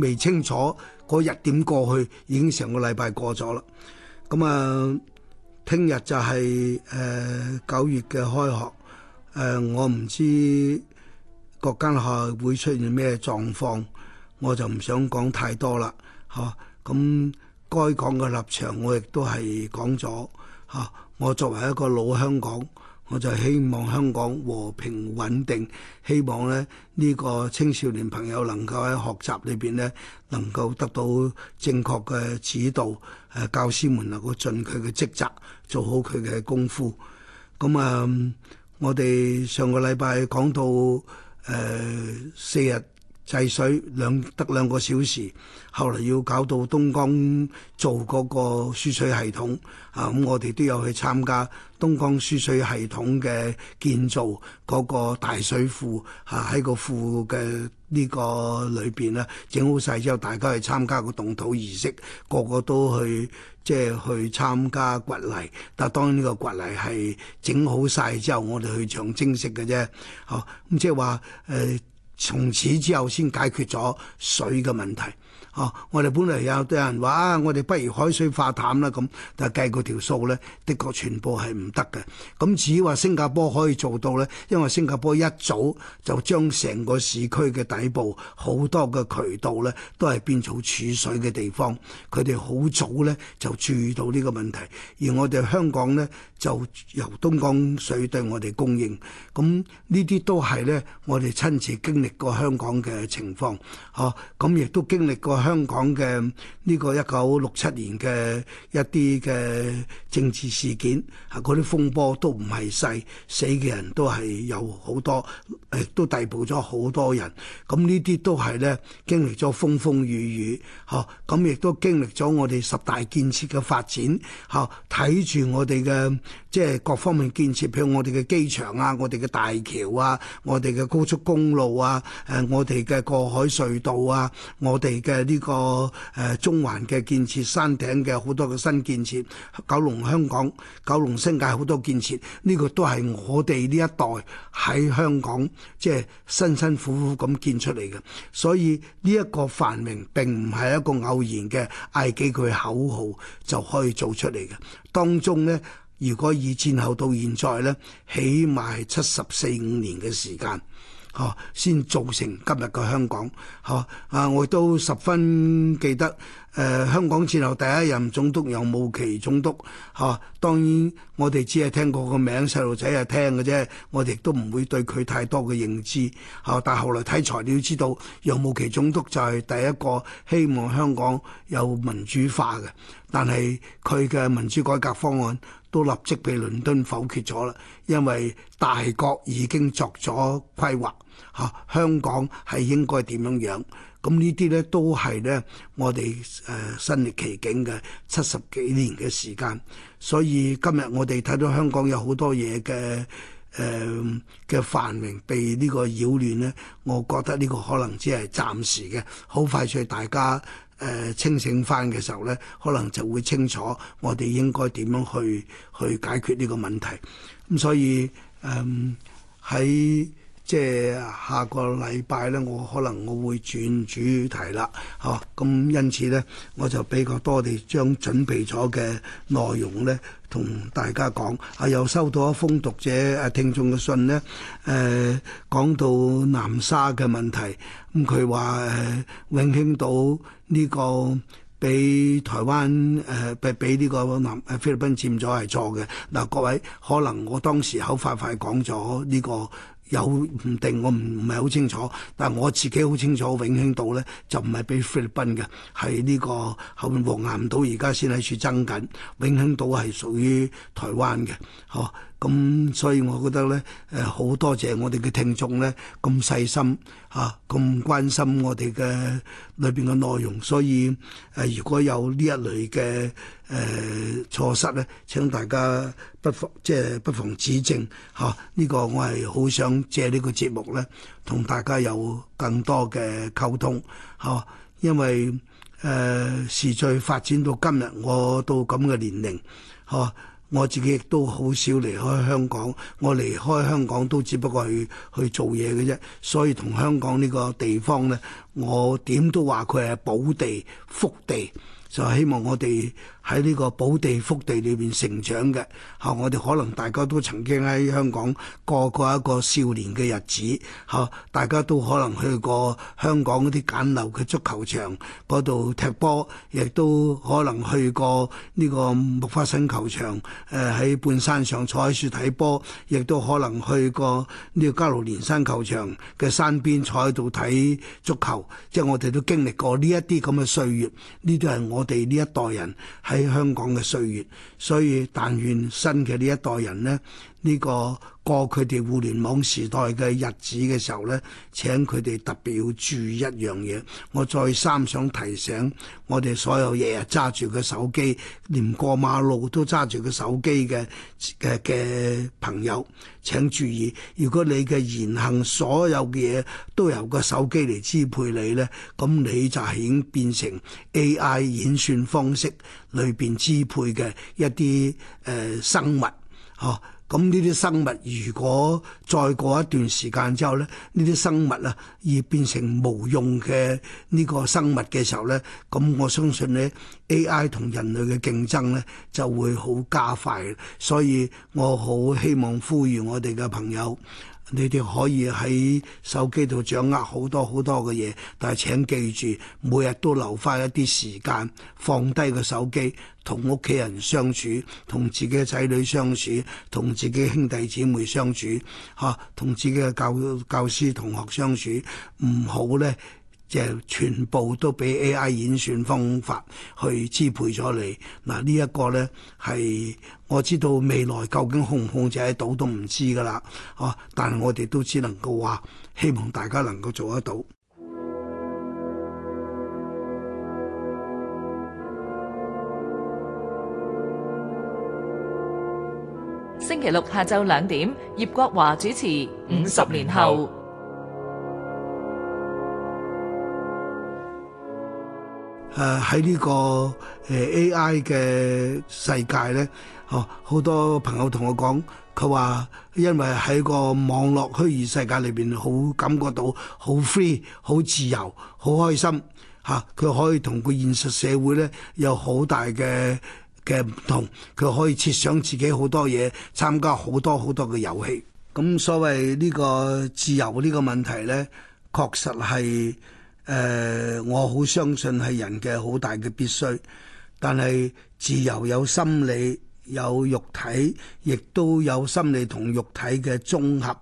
未清楚嗰日點過去，已經成個禮拜過咗啦。咁啊，聽日就係誒九月嘅開學，誒、呃、我唔知各間學校會出現咩狀況，我就唔想講太多啦，吓咁該講嘅立場我亦都係講咗，吓、啊、我作為一個老香港。我就希望香港和平穩定，希望咧呢、這個青少年朋友能夠喺學習裏邊咧能夠得到正確嘅指導，誒教師們能夠盡佢嘅職責，做好佢嘅功夫。咁、嗯、啊，我哋上個禮拜講到誒四、呃、日。制水兩得兩個小時，後來要搞到東江做嗰個輸水系統啊！咁我哋都有去參加東江輸水系統嘅建造嗰個大水庫啊，喺個庫嘅呢個裏邊咧整好晒之後，大家去參加個動土儀式，個個都去即係去參加掘泥。但當然呢個掘泥係整好晒之後，我哋去上正式嘅啫。哦，咁即係話誒。呃從此之後先解決咗水嘅問題。哦、啊，我哋本嚟有啲人話、啊，我哋不如海水化淡啦，咁，但係計嗰條數咧，的確全部係唔得嘅。咁至於話新加坡可以做到咧，因為新加坡一早就將成個市區嘅底部好多嘅渠道咧，都係變做儲水嘅地方。佢哋好早咧就注意到呢個問題。而我哋香港咧就由東江水對我哋供應，咁呢啲都係咧，我哋親自經歷過香港嘅情況吓，咁、啊、亦都經歷過。香港嘅呢個一九六七年嘅一啲嘅政治事件，嚇啲風波都唔係細，死嘅人都係有好多，誒都逮捕咗好多人。咁呢啲都係咧經歷咗風風雨雨，吓，咁亦都經歷咗我哋十大建設嘅發展，吓，睇住我哋嘅即係各方面建設，譬如我哋嘅機場啊，我哋嘅大橋啊，我哋嘅高速公路啊，誒我哋嘅過海隧道啊，我哋嘅呢～呢個誒中環嘅建設、山頂嘅好多個新建設、九龍香港、九龍新界好多建設，呢個都係我哋呢一代喺香港即係辛辛苦苦咁建出嚟嘅，所以呢一個繁榮並唔係一個偶然嘅嗌幾句口號就可以做出嚟嘅，當中呢，如果以戰後到現在呢，起碼係七十四五年嘅時間。嚇，先造成今日嘅香港。嚇，啊，我都十分記得。誒、呃，香港戰後第一任總督楊慕琦總督。嚇，當然我哋只係聽過個名，細路仔係聽嘅啫。我哋都唔會對佢太多嘅認知。嚇，但係後來睇材料知道，楊慕琦總督就係第一個希望香港有民主化嘅。但係佢嘅民主改革方案都立即被倫敦否決咗啦，因為大國已經作咗規劃。嚇、啊！香港係應該點樣樣？咁、嗯、呢啲咧都係咧，我哋誒、呃、身歷其境嘅七十幾年嘅時間，所以今日我哋睇到香港有好多嘢嘅誒嘅繁榮被呢個擾亂咧，我覺得呢個可能只係暫時嘅，好快脆大家誒、呃、清醒返嘅時候咧，可能就會清楚我哋應該點樣去去解決呢個問題。咁、嗯、所以誒喺～、呃即係下個禮拜咧，我可能我會轉主題啦，嚇。咁因此咧，我就比較多地將準備咗嘅內容咧，同大家講。啊，又收到一封讀者啊聽眾嘅信呢，誒、呃、講到南沙嘅問題。咁佢話永興島呢個俾台灣誒俾俾呢個南菲律賓佔咗係錯嘅。嗱、呃，各位可能我當時口快快講咗呢個。有唔定，我唔唔係好清楚，但係我自己好清楚，永興島咧就唔係俾菲律賓嘅，係呢個後面黃岩島而家先喺處爭緊，永興島係屬於台灣嘅，呵。咁所以，我覺得咧，誒、呃、好多謝我哋嘅聽眾咧，咁細心嚇，咁、啊、關心我哋嘅裏邊嘅內容。所以誒、呃，如果有呢一類嘅誒錯失咧，請大家不妨即係不妨指正嚇。呢、啊這個我係好想借呢個節目咧，同大家有更多嘅溝通嚇、啊。因為誒時序發展到今日，我到咁嘅年齡嚇。啊。我自己亦都好少離開香港，我離開香港都只不過去去做嘢嘅啫，所以同香港呢個地方咧，我點都話佢係寶地、福地，就希望我哋。喺呢個寶地福地裏邊成長嘅，嚇我哋可能大家都曾經喺香港過過一個少年嘅日子，嚇大家都可能去過香港嗰啲簡陋嘅足球場嗰度踢波，亦都可能去過呢個麥花臣球場，誒喺半山上坐喺樹睇波，亦都可能去過呢個加路連山球場嘅山邊坐喺度睇足球，即係我哋都經歷過呢一啲咁嘅歲月，呢啲係我哋呢一代人係。喺香港嘅歲月，所以但願新嘅呢一代人咧。呢個過佢哋互聯網時代嘅日子嘅時候咧，請佢哋特別要注意一樣嘢。我再三想提醒我哋所有日日揸住個手機，連過馬路都揸住個手機嘅嘅嘅朋友，請注意。如果你嘅言行所有嘅嘢都由個手機嚟支配你咧，咁你就係已經變成 AI 演算方式裏邊支配嘅一啲誒、呃、生物，呵、啊。咁呢啲生物如果再過一段時間之後咧，呢啲生物啊而變成無用嘅呢個生物嘅時候咧，咁我相信咧，AI 同人類嘅競爭咧就會好加快，所以我好希望呼籲我哋嘅朋友。你哋可以喺手機度掌握好多好多嘅嘢，但係請記住，每日都留返一啲時間，放低個手機，同屋企人相處，同自己嘅仔女相處，同自己兄弟姊妹相處，嚇，同自己嘅教教師同學相處，唔好咧。即係全部都俾 A.I 演算方法去支配咗你，嗱呢一個呢，係我知道未來究竟控唔控制喺度都唔知噶啦，哦！但係我哋都只能夠話希望大家能夠做得到。星期六下晝兩點，葉國華主持五十年後。誒喺呢個誒 AI 嘅世界咧，哦好多朋友同我講，佢話因為喺個網絡虛擬世界裏邊，好感覺到好 free、好自由、好開心嚇。佢、啊、可以同個現實社會咧有好大嘅嘅唔同，佢可以設想自己好多嘢，參加好多好多嘅遊戲。咁所謂呢個自由呢個問題咧，確實係。誒、呃，我好相信係人嘅好大嘅必須，但係自由有心理有肉體，亦都有心理同肉體嘅綜合，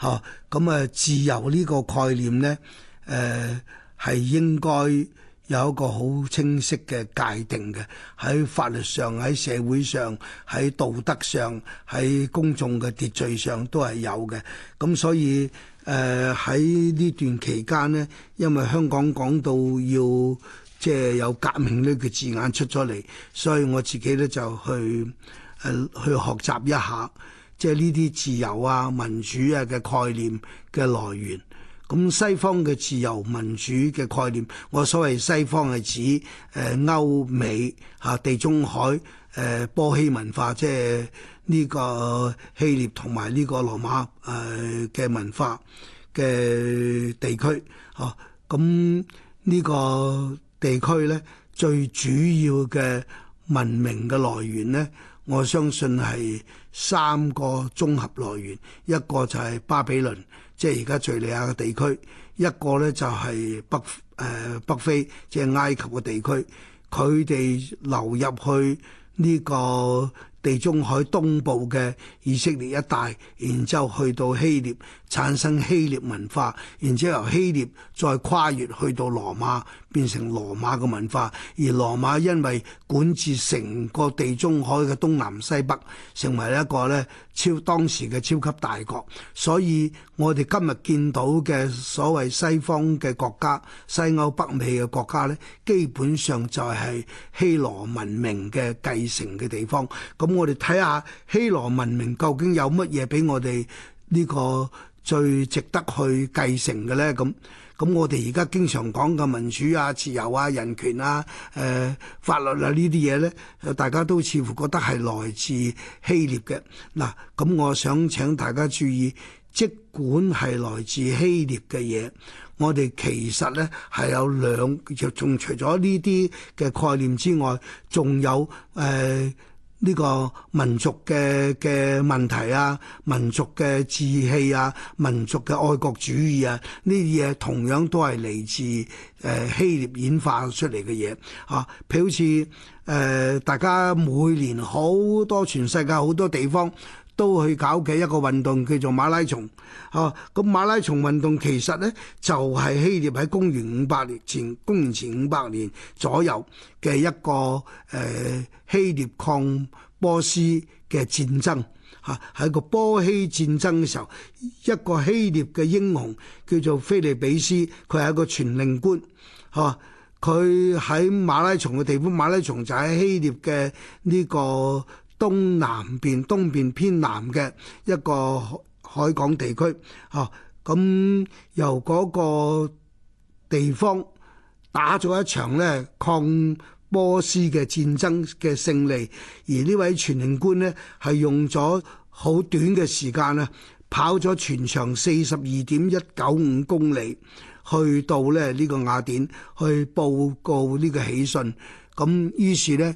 嚇、啊。咁、嗯、啊，自由呢個概念呢，誒、呃、係應該有一個好清晰嘅界定嘅，喺法律上、喺社會上、喺道德上、喺公眾嘅秩序上都係有嘅。咁、嗯、所以。誒喺呢段期間呢，因為香港講到要即係有革命呢個字眼出咗嚟，所以我自己咧就去誒、呃、去學習一下，即係呢啲自由啊、民主啊嘅概念嘅來源。咁西方嘅自由民主嘅概念，我所謂西方係指誒歐美啊地中海。誒波希文化即係呢個希臘同埋呢個羅馬誒嘅文化嘅地區，哦，咁呢個地區咧最主要嘅文明嘅來源咧，我相信係三個綜合來源，一個就係巴比倫，即係而家敍利亞嘅地區；一個咧就係北誒、呃、北非，即係埃及嘅地區，佢哋流入去。呢個。地中海東部嘅以色列一帶，然之後去到希臘，產生希臘文化，然之後由希臘再跨越去到羅馬，變成羅馬嘅文化。而羅馬因為管治成個地中海嘅東南西北，成為一個咧超當時嘅超級大國。所以我哋今日見到嘅所謂西方嘅國家、西歐北美嘅國家咧，基本上就係希羅文明嘅繼承嘅地方。咁我哋睇下希羅文明究竟有乜嘢俾我哋呢個最值得去繼承嘅咧？咁咁，我哋而家經常講嘅民主啊、自由啊、人權啊、誒、呃、法律啊呢啲嘢咧，大家都似乎覺得係來自希臘嘅。嗱，咁我想請大家注意，即管係來自希臘嘅嘢，我哋其實咧係有兩，仲除咗呢啲嘅概念之外，仲有誒。呃呢個民族嘅嘅問題啊，民族嘅志氣啊，民族嘅愛國主義啊，呢啲嘢同樣都係嚟自誒、呃、希臘演化出嚟嘅嘢嚇，啊、譬如好似誒大家每年好多全世界好多地方都去搞嘅一個運動叫做馬拉松，吓、啊、咁馬拉松運動其實呢，就係、是、希臘喺公元五百年前公元前五百年左右嘅一個誒、呃、希臘抗波斯嘅戰爭吓，喺、啊、個波希戰爭嘅時候，一個希臘嘅英雄叫做菲利比斯，佢係一個傳令官，吓佢喺馬拉松嘅地方，馬拉松就喺希臘嘅呢個。東南邊東邊偏南嘅一個海港地區，嚇、啊、咁、嗯、由嗰個地方打咗一場咧抗波斯嘅戰爭嘅勝利，而呢位傳令官呢，係用咗好短嘅時間呢，跑咗全長四十二點一九五公里去到咧呢、呢個雅典去報告呢個喜訊，咁、嗯、於是呢。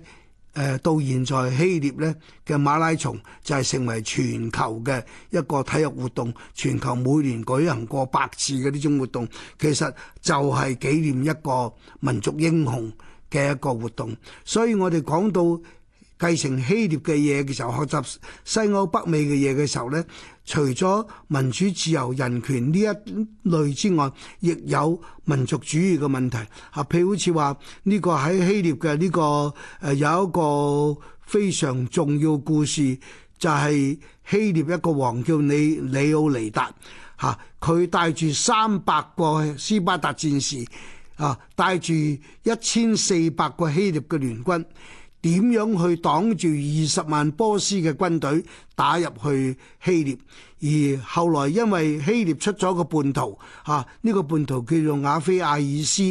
誒到現在希臘呢嘅馬拉松就係成為全球嘅一個體育活動，全球每年舉行過百次嘅呢種活動，其實就係紀念一個民族英雄嘅一個活動，所以我哋講到。繼承希臘嘅嘢嘅時候，學習西歐北美嘅嘢嘅時候咧，除咗民主自由人權呢一類之外，亦有民族主義嘅問題。啊，譬如好似話呢個喺希臘嘅呢個誒有一個非常重要故事，就係希臘一個王叫李李奧尼達，嚇佢帶住三百個斯巴達戰士，啊帶住一千四百個希臘嘅聯軍。點樣去擋住二十萬波斯嘅軍隊打入去希臘，而後來因為希臘出咗個叛徒，吓、啊、呢、這個叛徒叫做亞非亞爾斯，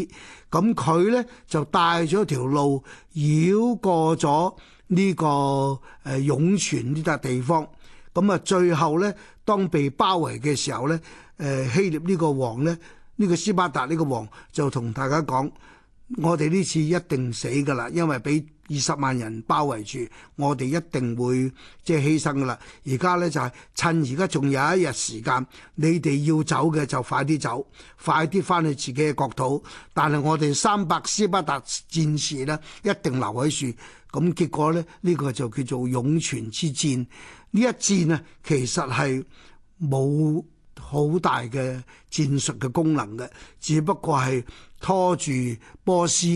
咁、啊、佢呢就帶咗條路繞過咗呢、這個誒湧、呃、泉呢笪地方。咁啊，最後呢，當被包圍嘅時候呢，誒、啊、希臘呢個王呢、呢、這個斯巴達呢個王就同大家講：我哋呢次一定死噶啦，因為俾。二十萬人包圍住我哋，一定會即係犧牲噶啦。而家呢，就係、是、趁而家仲有一日時間，你哋要走嘅就快啲走，快啲翻去自己嘅國土。但係我哋三百斯巴達戰士呢，一定留喺處。咁結果呢，呢、這個就叫做湧泉之戰。呢一戰呢，其實係冇好大嘅戰術嘅功能嘅，只不過係拖住波斯，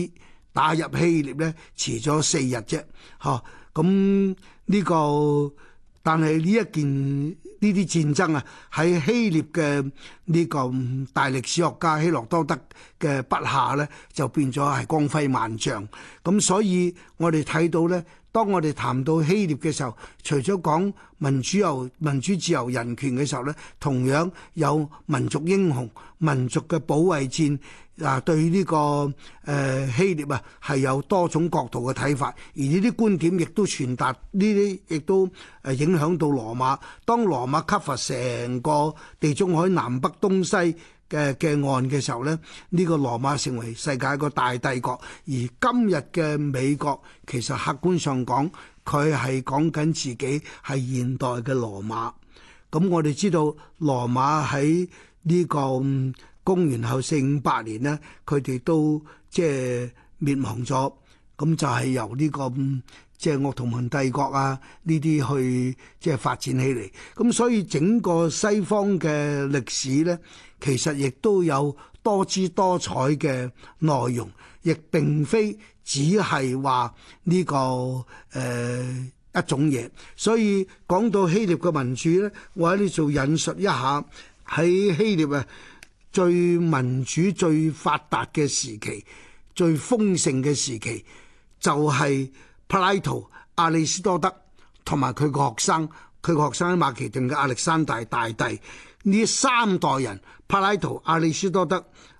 打入希臘咧，遲咗四日啫，嗬、啊！咁、嗯、呢、這個，但係呢一件呢啲戰爭啊，喺希臘嘅呢個大歷史學家希洛多德嘅筆下咧，就變咗係光輝萬丈。咁、嗯、所以我哋睇到咧。當我哋談到希臘嘅時候，除咗講民主、由民主、自由、人權嘅時候咧，同樣有民族英雄、民族嘅保衛戰，嗱、啊、對呢、呢個誒、呃、希臘啊係有多種角度嘅睇法，而呢啲觀點亦都傳達呢啲，亦都誒影響到羅馬。當羅馬征伐成個地中海南北東西嘅嘅案嘅時候咧，呢個羅馬成為世界一個大帝國，而今日嘅美國其實客觀上講，佢係講緊自己係現代嘅羅馬。咁我哋知道羅馬喺呢個公元後四五百年呢，佢哋都即係滅亡咗，咁就係由呢個。即係鄂圖曼帝國啊！呢啲去即係、就是、發展起嚟，咁所以整個西方嘅歷史呢，其實亦都有多姿多彩嘅內容，亦並非只係話呢個誒、呃、一種嘢。所以講到希臘嘅民主呢，我喺呢度引述一下喺希臘嘅最民主、最發達嘅時期、最豐盛嘅時期就係、是。柏拉圖、亞里士多德同埋佢個學生，佢個學生喺馬其頓嘅亞歷山大大帝，呢三代人，柏拉圖、亞里士多德、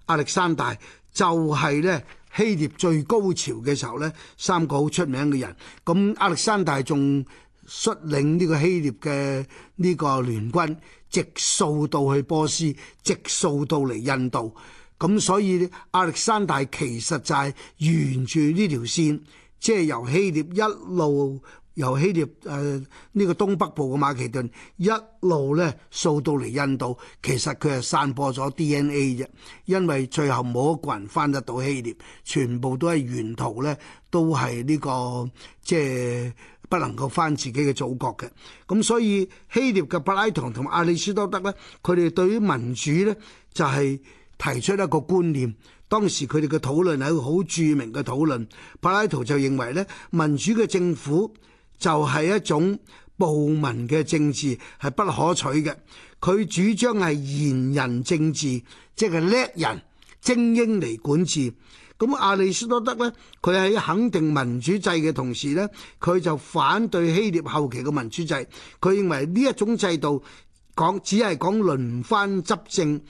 亞歷山大就係、是、咧希臘最高潮嘅時候咧三個好出名嘅人。咁亞歷山大仲率領呢個希臘嘅呢個聯軍，直掃到去波斯，直掃到嚟印度。咁所以咧亞歷山大其實就係沿住呢條線。即係由希臘一路由希臘誒，呢個東北部嘅馬其頓一路咧，掃到嚟印度，其實佢係散播咗 DNA 啫，因為最後冇一個人翻得到希臘，全部都係沿途咧都係呢個即係不能夠翻自己嘅祖國嘅。咁所以希臘嘅柏拉圖同埋亞里斯多德咧，佢哋對於民主咧就係提出一個觀念。當時佢哋嘅討論係一個好著名嘅討論。柏拉圖就認為呢，民主嘅政府就係一種暴民嘅政治，係不可取嘅。佢主張係賢人政治，即係叻人精英嚟管治。咁亞里斯多德呢，佢喺肯定民主制嘅同時呢，佢就反對希臘後期嘅民主制。佢認為呢一種制度講只係講輪番執政。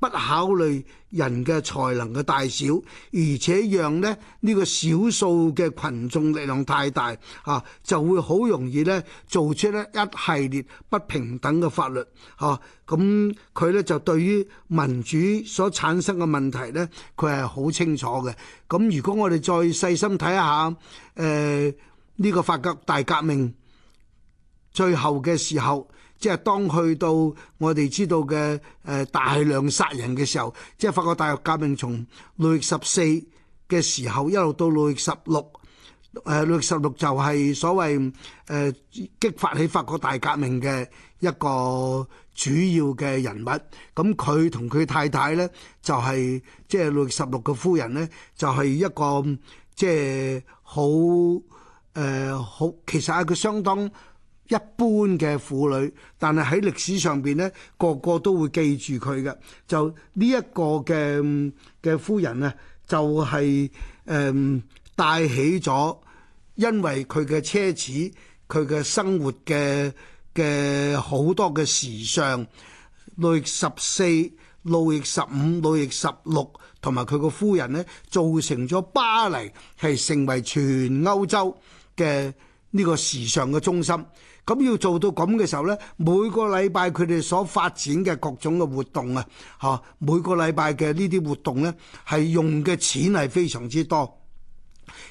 不考慮人嘅才能嘅大小，而且讓咧呢個少數嘅群眾力量太大，嚇就會好容易咧做出咧一系列不平等嘅法律。嚇咁佢咧就對於民主所產生嘅問題咧，佢係好清楚嘅。咁如果我哋再細心睇下，誒呢個法國大革命最後嘅時候。即係當去到我哋知道嘅誒大量殺人嘅時候，即係法國大革命從六月十四嘅時候一路到六月十六，誒六月十六就係所謂誒激發起法國大革命嘅一個主要嘅人物。咁佢同佢太太咧就係即係六月十六嘅夫人咧，就係一個即係好誒好，其實係一個相當。一般嘅婦女，但係喺歷史上邊呢，個個都會記住佢嘅。就呢一個嘅嘅夫人呢，就係、是、誒、嗯、帶起咗，因為佢嘅奢侈，佢嘅生活嘅嘅好多嘅時尚，路易十四、路易十五、路易十六，同埋佢個夫人呢，造成咗巴黎，係成為全歐洲嘅呢、這個時尚嘅中心。咁要做到咁嘅時候呢，每個禮拜佢哋所發展嘅各種嘅活動啊，嚇每個禮拜嘅呢啲活動呢，係用嘅錢係非常之多，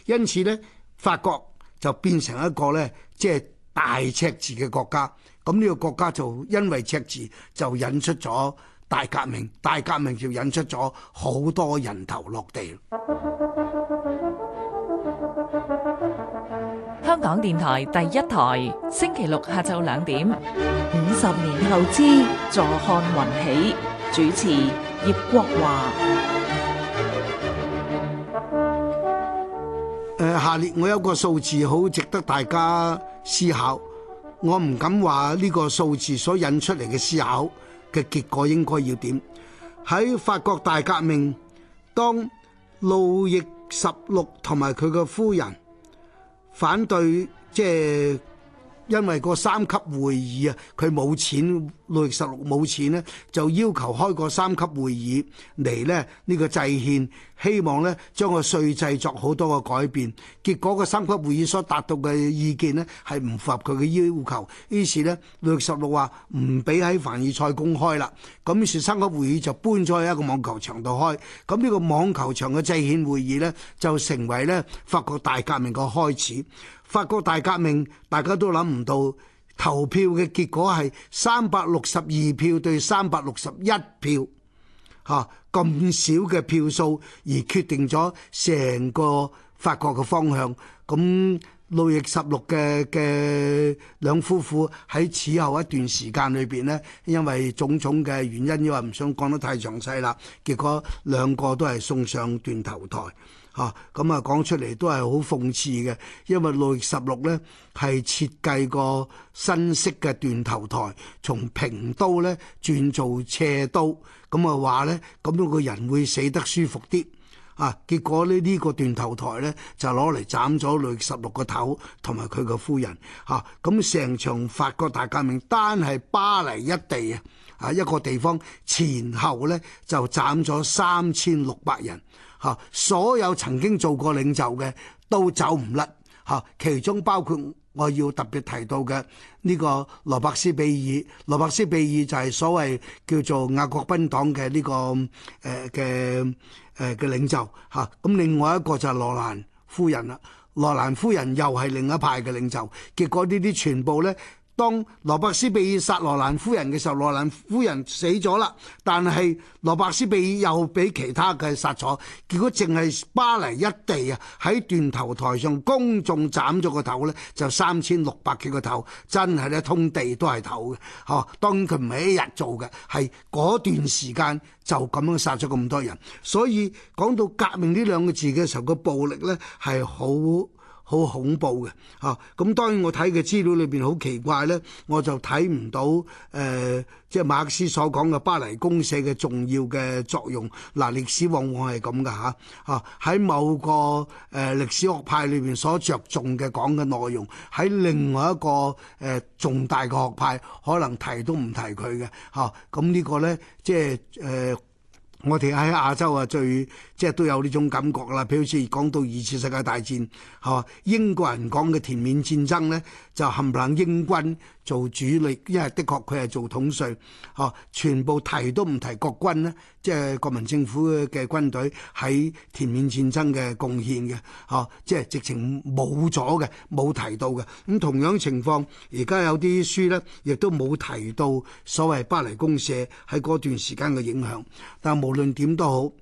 因此呢，法國就變成一個呢，即係大赤字嘅國家。咁呢個國家就因為赤字，就引出咗大革命，大革命就引出咗好多人頭落地。港電台第一台，星期六下晝兩點。五十年後之，坐看雲起。主持葉國華。誒，下列我有個數字好值得大家思考。我唔敢話呢個數字所引出嚟嘅思考嘅結果應該要點。喺法國大革命，當路易十六同埋佢嘅夫人。反對，即係。因為個三級會議啊，佢冇錢，路易十六冇錢呢就要求開個三級會議嚟呢，呢個制憲，希望呢將個稅制作好多個改變。結果個三級會議所達到嘅意見呢，係唔符合佢嘅要求，於是呢，路易十六話唔俾喺凡爾賽公開啦。咁於是三級會議就搬咗去一個網球場度開。咁呢個網球場嘅制憲會議呢，就成為呢法國大革命嘅開始。法國大革命，大家都諗唔到投票嘅結果係三百六十二票對三百六十一票，嚇咁少嘅票數而決定咗成個法國嘅方向。咁路易十六嘅嘅兩夫婦喺此後一段時間裏邊呢，因為種種嘅原因，因為唔想講得太詳細啦。結果兩個都係送上斷頭台。啊，咁啊講出嚟都係好諷刺嘅，因為路易十六呢係設計個新式嘅斷頭台，從平刀咧轉做斜刀，咁啊話呢，咁樣個人會死得舒服啲。啊，結果咧呢個斷頭台呢，就攞嚟斬咗路易十六個頭同埋佢個夫人。嚇、啊，咁成場法國大革命單係巴黎一地啊！啊！一個地方前後呢，就斬咗三千六百人嚇，所有曾經做過領袖嘅都走唔甩嚇，其中包括我要特別提到嘅呢個羅伯斯庇爾，羅伯斯庇爾就係所謂叫做雅各賓黨嘅呢、呢個誒嘅誒嘅領袖嚇。咁、啊、另外一個就係羅蘭夫人啦，羅蘭夫人又係另一派嘅領袖，結果呢啲全部呢。當羅伯斯比爾殺羅蘭夫人嘅時候，羅蘭夫人死咗啦。但係羅伯斯比爾又俾其他嘅殺咗，結果淨係巴黎一地啊，喺斷頭台上公眾斬咗個頭呢，就三千六百幾個頭，真係咧通地都係頭嘅。嗬、啊，當佢唔係一日做嘅，係嗰段時間就咁樣殺咗咁多人。所以講到革命呢兩個字嘅時候，個暴力呢係好。好恐怖嘅嚇，咁、啊、當然我睇嘅資料裏邊好奇怪咧，我就睇唔到誒，即、呃、係、就是、馬克思所講嘅巴黎公社嘅重要嘅作用。嗱、啊，歷史往往係咁嘅嚇嚇，喺、啊、某個誒歷史學派裏邊所着重嘅講嘅內容，喺另外一個誒、呃、重大嘅學派可能提都唔提佢嘅嚇。咁、啊、呢個咧，即係誒，我哋喺亞洲啊最。即係都有呢種感覺啦，譬如好似講到二次世界大戰，嚇、啊、英國人講嘅全面戰爭呢，就冚唪唥英軍做主力，因為的確佢係做統帥，嚇、啊、全部提都唔提國軍咧，即係國民政府嘅軍隊喺全面戰爭嘅貢獻嘅，嚇、啊、即係直情冇咗嘅，冇提到嘅。咁、嗯、同樣情況，而家有啲書呢，亦都冇提到所謂巴黎公社喺嗰段時間嘅影響。但無論點都好。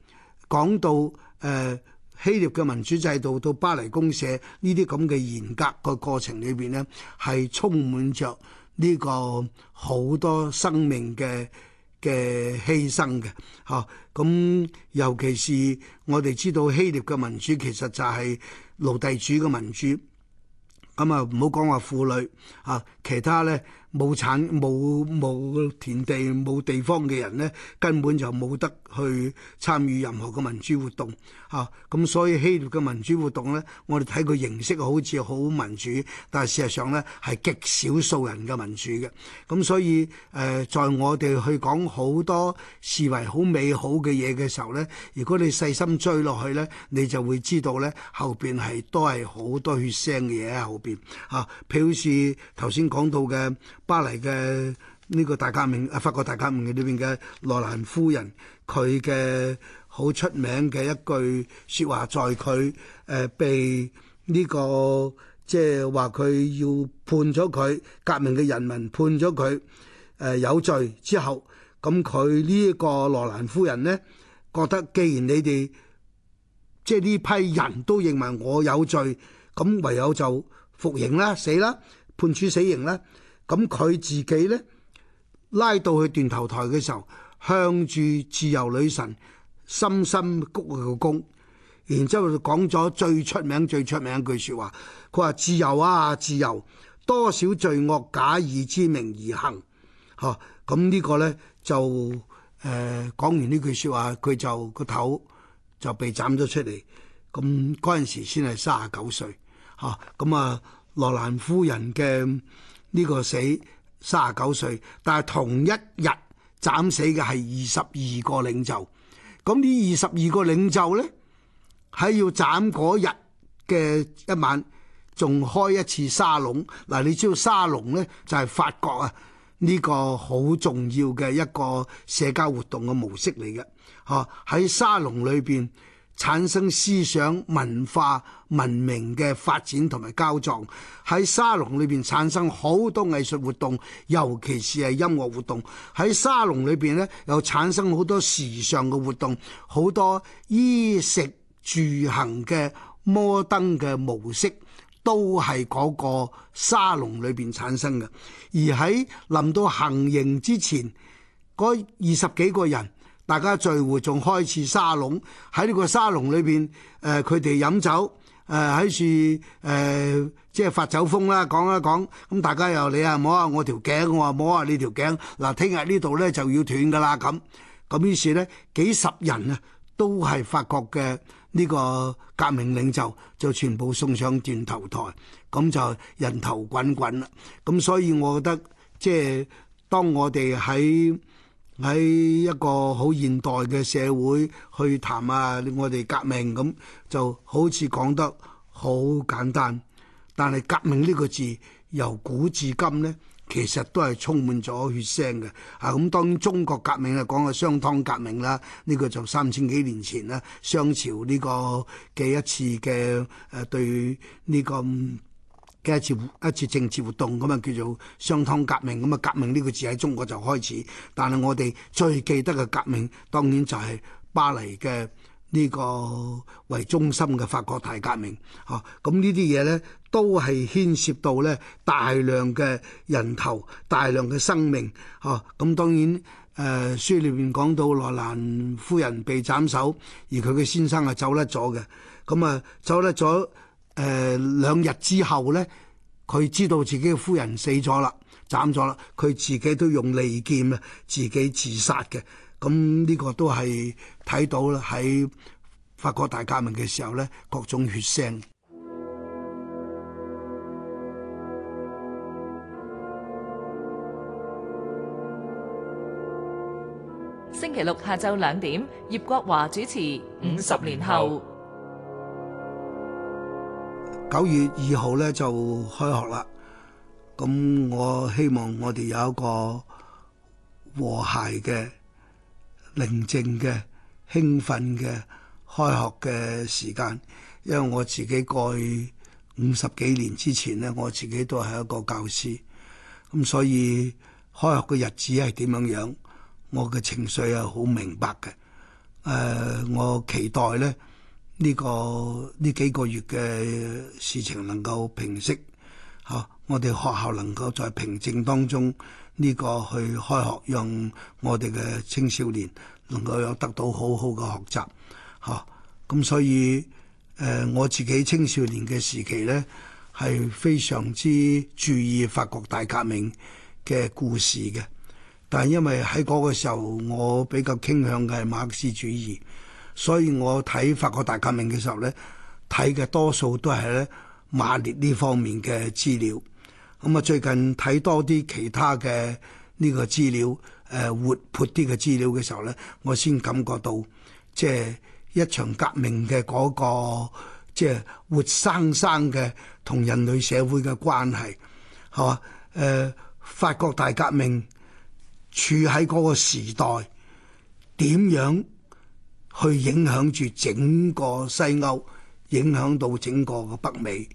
講到誒、呃、希臘嘅民主制度到巴黎公社呢啲咁嘅嚴格個過程裏邊咧，係充滿着呢個好多生命嘅嘅犧牲嘅，嚇、啊、咁、嗯、尤其是我哋知道希臘嘅民主其實就係奴隸主嘅民主，咁啊唔好講話婦女嚇、啊，其他咧。冇產冇冇田地冇地方嘅人呢，根本就冇得去參與任何嘅民主活動嚇。啊，咁所以希臘嘅民主活動呢，我哋睇佢形式好似好民主，但係事實上呢，係極少數人嘅民主嘅。咁所以誒，呃，在我哋去講好多視為好美好嘅嘢嘅時候呢，如果你細心追落去呢，你就會知道呢，後邊係都係好多血腥嘅嘢喺後邊嚇。啊，譬如是頭先講到嘅。巴黎嘅呢個大革命啊，法國大革命裏邊嘅羅蘭夫人，佢嘅好出名嘅一句説話，在佢誒被呢個即係話佢要判咗佢革命嘅人民判咗佢誒有罪之後，咁佢呢個羅蘭夫人呢，覺得既然你哋即係呢批人都認為我有罪，咁唯有就服刑啦、死啦、判處死刑啦。咁佢自己呢，拉到去斷頭台嘅時候，向住自由女神深深鞠個躬，然之後講咗最出名、最出名一句說話，佢話：自由啊，自由！多少罪惡假以之名而行，吓，咁呢個呢，就誒、呃、講完呢句說話，佢就個頭就被斬咗出嚟。咁嗰陣時先係三十九歲，吓咁、嗯、啊，羅蘭夫人嘅。呢個死三十九歲，但係同一日斬死嘅係二十二個領袖。咁呢二十二個領袖呢，喺要斬嗰日嘅一晚，仲開一次沙龍。嗱，你知道沙龍呢，就係法國啊呢個好重要嘅一個社交活動嘅模式嚟嘅。哦，喺沙龍裏邊。產生思想、文化、文明嘅發展同埋交撞，喺沙龍裏邊產生好多藝術活動，尤其是係音樂活動。喺沙龍裏邊呢，又產生好多時尚嘅活動，好多衣食住行嘅摩登嘅模式都係嗰個沙龍裏邊產生嘅。而喺臨到行刑之前，嗰二十幾個人。大家聚會仲開始沙龍，喺呢個沙龍裏邊，誒佢哋飲酒，誒喺處誒即係發酒瘋啦，講一講，咁大家又你呀摸下我條頸，我話摸下你條頸，嗱聽日呢度咧就要斷㗎啦咁，咁於是咧幾十人咧都係法國嘅呢個革命領袖，就全部送上斷頭台，咁就人頭滾滾啦。咁所以我覺得即係當我哋喺喺一個好現代嘅社會去談啊，我哋革命咁就好似講得好簡單，但係革命呢個字由古至今咧，其實都係充滿咗血腥嘅。係、啊、咁、嗯，當中國革命啊，講嘅商湯革命啦，呢、這個就三千幾年前啦，商朝呢個嘅一次嘅誒、啊、對呢、這個。嘅一次一次政治活動咁啊，叫做商湯革命咁啊，革命呢個字喺中國就開始，但係我哋最記得嘅革命，當然就係巴黎嘅呢個為中心嘅法國大革命。嚇，咁呢啲嘢咧都係牽涉到咧大量嘅人頭、大量嘅生命。嚇，咁當然誒書裏面講到羅蘭夫人被斬首，而佢嘅先生係走甩咗嘅，咁啊走甩咗。誒，兩日之後呢，佢知道自己嘅夫人死咗啦，斬咗啦，佢自己都用利劍啊，自己自殺嘅。咁呢個都係睇到啦，喺法國大革命嘅時候呢，各種血腥。星期六下晝兩點，葉國華主持《五十年後》。九月二號咧就開學啦，咁我希望我哋有一個和諧嘅、寧靜嘅、興奮嘅開學嘅時間，因為我自己過去五十幾年之前咧，我自己都係一個教師，咁所以開學嘅日子係點樣樣，我嘅情緒係好明白嘅，誒、呃，我期待咧。呢個呢幾個月嘅事情能夠平息，嚇我哋學校能夠在平靜當中呢個去開學，讓我哋嘅青少年能夠有得到好好嘅學習，嚇。咁所以誒，我自己青少年嘅時期咧，係非常之注意法國大革命嘅故事嘅，但係因為喺嗰個時候，我比較傾向嘅係馬克思主義。所以我睇法國大革命嘅時候咧，睇嘅多數都係咧馬列呢方面嘅資料。咁啊，最近睇多啲其他嘅呢個資料，誒活潑啲嘅資料嘅時候咧，我先感覺到即係、就是、一場革命嘅嗰、那個即係、就是、活生生嘅同人類社會嘅關係，係嘛？誒、呃、法國大革命處喺嗰個時代點樣？去影響住整個西歐，影響到整個個北美，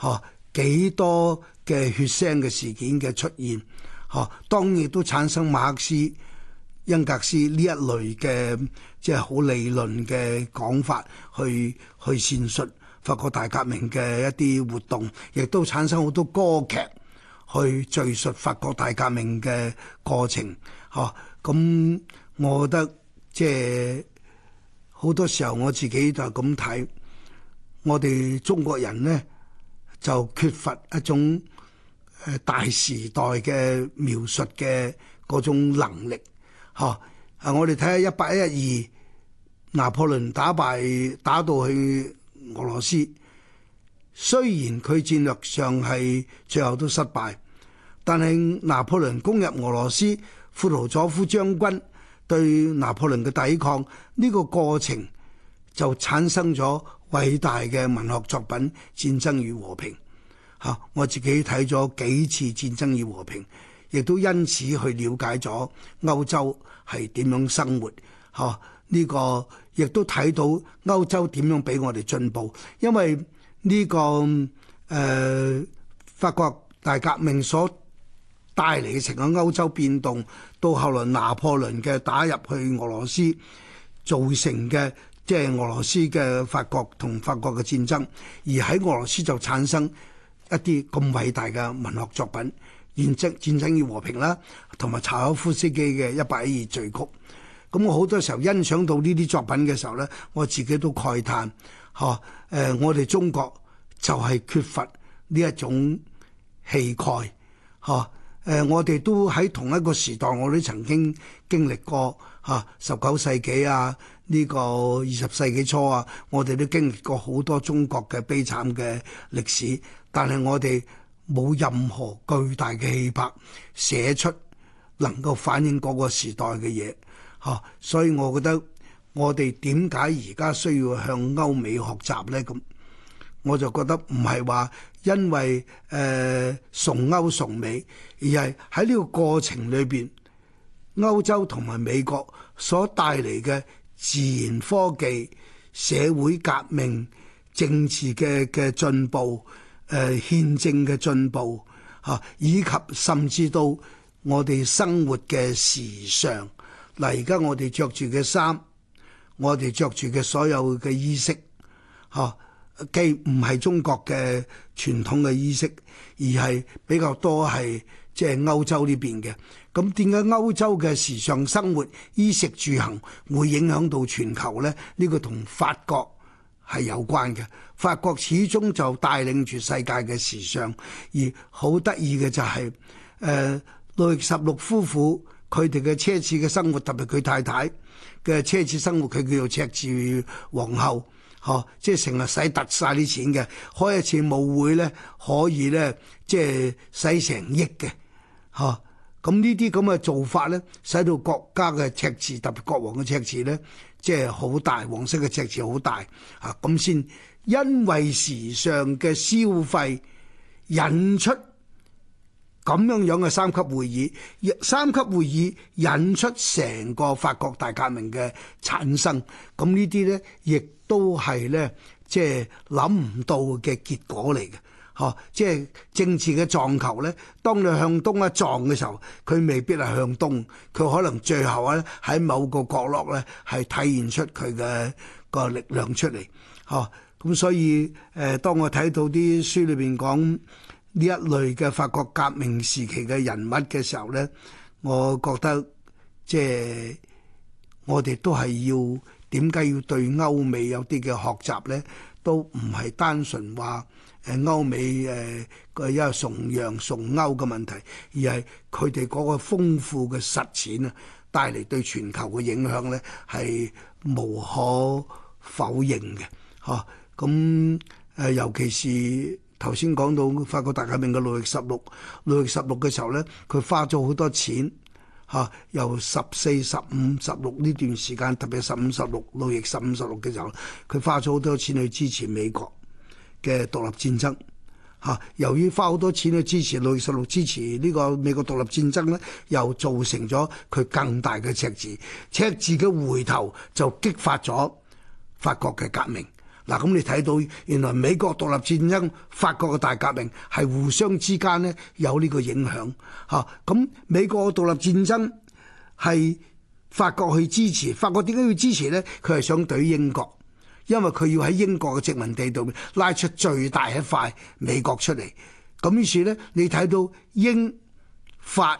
嚇幾多嘅血腥嘅事件嘅出現，嚇當然都產生馬克思、恩格斯呢一類嘅即係好理論嘅講法去去闡述法國大革命嘅一啲活動，亦都產生好多歌劇去敍述法國大革命嘅過程，嚇咁，我覺得即係。好多時候我自己就咁睇，我哋中國人呢，就缺乏一種誒大時代嘅描述嘅嗰種能力，嚇！啊，我哋睇下一八一二，拿破崙打敗打到去俄羅斯，雖然佢戰略上係最後都失敗，但係拿破崙攻入俄羅斯，庫圖佐夫將軍。對拿破崙嘅抵抗呢個過程就產生咗偉大嘅文學作品《戰爭與和平》。吓，我自己睇咗幾次《戰爭與和平》，亦都因此去了解咗歐洲係點樣生活。吓，呢個亦都睇到歐洲點樣俾我哋進步，因為呢個誒、呃、法國大革命所。帶嚟成個歐洲變動到後來拿破崙嘅打入去俄羅斯造成嘅，即係俄羅斯嘅法國同法國嘅戰爭，而喺俄羅斯就產生一啲咁偉大嘅文學作品，戰爭戰爭與和平啦，同埋柴可夫斯基嘅《一八一二》序曲。咁我好多時候欣賞到呢啲作品嘅時候咧，我自己都慨嘆，嚇誒、呃，我哋中國就係缺乏呢一種氣概，嚇。誒，我哋都喺同一個時代，我哋曾經經歷過嚇十九世紀啊，呢個二十世紀初啊，我哋都經歷過好多中國嘅悲慘嘅歷史，但係我哋冇任何巨大嘅氣魄寫出能夠反映嗰個時代嘅嘢嚇，所以我覺得我哋點解而家需要向歐美學習咧？咁我就覺得唔係話。因為誒、呃、崇歐崇美，而係喺呢個過程裏邊，歐洲同埋美國所帶嚟嘅自然科技、社會革命、政治嘅嘅進步、誒、呃、憲政嘅進步嚇、啊，以及甚至到我哋生活嘅時尚。嗱、啊，而家我哋着住嘅衫，我哋着住嘅所有嘅衣飾嚇、啊，既唔係中國嘅。傳統嘅衣飾，而係比較多係即係歐洲呢邊嘅。咁點解歐洲嘅時尚生活、衣食住行會影響到全球呢？呢、這個同法國係有關嘅。法國始終就帶領住世界嘅時尚。而好得意嘅就係、是、誒、呃、路易十六夫婦佢哋嘅奢侈嘅生活，特別佢太太嘅奢侈生活，佢叫做赤字皇后。哦，即係成日使特晒啲錢嘅，開一次舞會咧可以咧，即係使成億嘅。嚇、哦，咁呢啲咁嘅做法咧，使到國家嘅赤字，特別國王嘅赤字咧，即係好大，黃色嘅赤字好大。啊，咁先因為時尚嘅消費引出。咁樣樣嘅三級會議，三級會議引出成個法國大革命嘅產生。咁呢啲咧，亦都係咧，即係諗唔到嘅結果嚟嘅。嚇，即係政治嘅撞球咧，當你向東一撞嘅時候，佢未必係向東，佢可能最後咧喺某個角落咧係體現出佢嘅個力量出嚟。嚇，咁所以誒，當我睇到啲書裏邊講。呢一類嘅法國革命時期嘅人物嘅時候咧，我覺得即係我哋都係要點解要對歐美有啲嘅學習咧，都唔係單純話誒歐美誒嘅、呃、一個崇洋崇歐嘅問題，而係佢哋嗰個豐富嘅實踐啊，帶嚟對全球嘅影響咧係無可否認嘅，嚇，咁誒尤其是。頭先講到法國大革命嘅路易十六，路易十六嘅時候呢，佢花咗好多錢，嚇、啊、由十四、十五、十六呢段時間，特別十五、十六，路易十五、十六嘅時候，佢花咗好多錢去支持美國嘅獨立戰爭，嚇、啊。由於花好多錢去支持路易十六，支持呢個美國獨立戰爭呢，又造成咗佢更大嘅赤字，赤字嘅回頭就激發咗法國嘅革命。嗱，咁你睇到原來美國獨立戰爭、法國嘅大革命係互相之間呢有呢個影響嚇。咁、啊、美國嘅獨立戰爭係法國去支持，法國點解要支持呢？佢係想對英國，因為佢要喺英國嘅殖民地度拉出最大一塊美國出嚟。咁於是呢，你睇到英法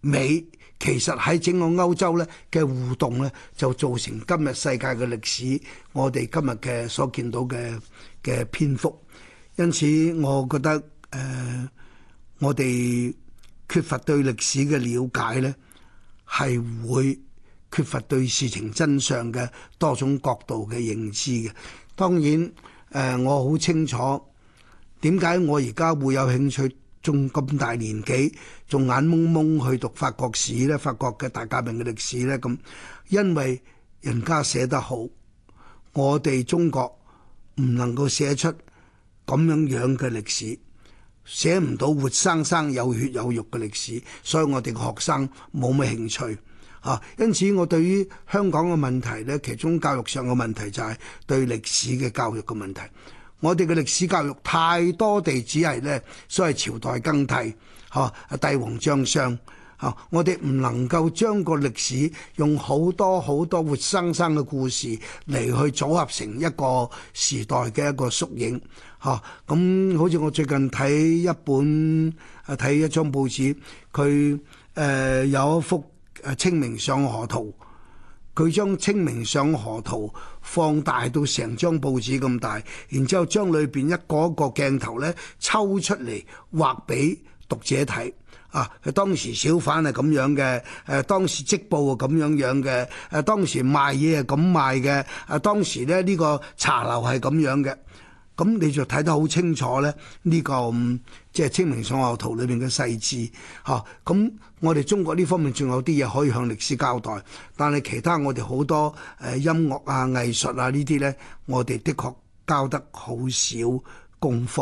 美。其實喺整個歐洲咧嘅互動咧，就造成今日世界嘅歷史，我哋今日嘅所見到嘅嘅篇幅。因此，我覺得誒、呃，我哋缺乏對歷史嘅了解咧，係會缺乏對事情真相嘅多種角度嘅認知嘅。當然誒、呃，我好清楚點解我而家會有興趣。仲咁大年紀，仲眼蒙蒙去讀法國史咧，法國嘅大革命嘅歷史咧，咁因為人家寫得好，我哋中國唔能夠寫出咁樣樣嘅歷史，寫唔到活生生有血有肉嘅歷史，所以我哋學生冇咩興趣啊。因此我對於香港嘅問題咧，其中教育上嘅問題就係對歷史嘅教育嘅問題。我哋嘅歷史教育太多地只係咧，所謂朝代更替，嚇，帝王將相，嚇我哋唔能夠將個歷史用好多好多活生生嘅故事嚟去組合成一個時代嘅一個縮影，嚇。咁好似我最近睇一本啊，睇一張報紙，佢誒、呃、有一幅誒清明上河圖。佢將清明上河圖放大到成張報紙咁大，然之後將裏邊一個一個鏡頭咧抽出嚟畫俾讀者睇。啊，當時小販係咁樣嘅，誒、啊、當時織布啊咁樣樣嘅，誒當時賣嘢係咁賣嘅，誒、啊、當時咧呢、這個茶樓係咁樣嘅。咁你就睇得好清楚咧，呢、這個，嗯、即係清明上河圖裏邊嘅細緻吓，咁、啊嗯、我哋中國呢方面仲有啲嘢可以向歷史交代，但係其他我哋好多誒、呃、音樂啊、藝術啊呢啲咧，我哋的確交得好少功課，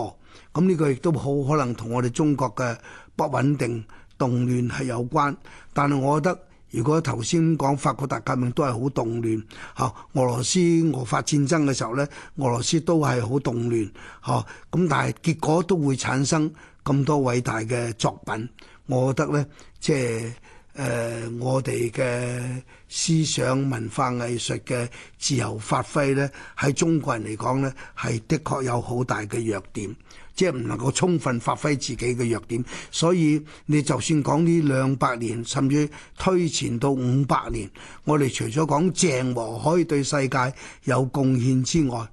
咁、嗯、呢、這個亦都好可能同我哋中國嘅不穩定動亂係有關，但係我覺得。如果頭先講法國大革命都係好動亂嚇，俄羅斯俄法戰爭嘅時候咧，俄羅斯都係好動亂嚇，咁但係結果都會產生咁多偉大嘅作品。我覺得咧，即係誒、呃、我哋嘅思想文化藝術嘅自由發揮咧，喺中國人嚟講咧，係的確有好大嘅弱點。即係唔能夠充分發揮自己嘅弱點，所以你就算講呢兩百年，甚至推前到五百年，我哋除咗講鄭和可以對世界有貢獻之外，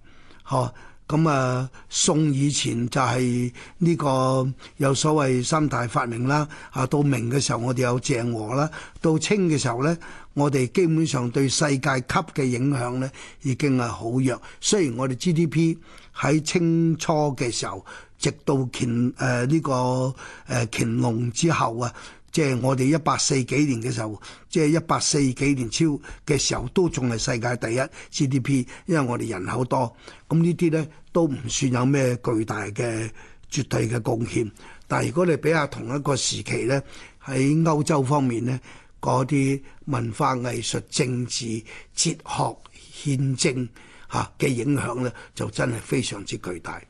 嚇咁、嗯、啊，宋以前就係呢個有所謂三大發明啦。嚇、啊、到明嘅時候，我哋有鄭和啦；到清嘅時候呢，我哋基本上對世界級嘅影響呢已經係好弱。雖然我哋 GDP 喺清初嘅時候，直到乾誒呢、呃這個誒、呃、乾隆之後啊，即係我哋一八四幾年嘅時候，即係一八四幾年超嘅時候，都仲係世界第一 GDP，因為我哋人口多。咁呢啲咧都唔算有咩巨大嘅絕對嘅貢獻。但係如果你比下同一個時期咧，喺歐洲方面咧，嗰啲文化藝術、政治、哲學、憲政嚇嘅影響咧，就真係非常之巨大。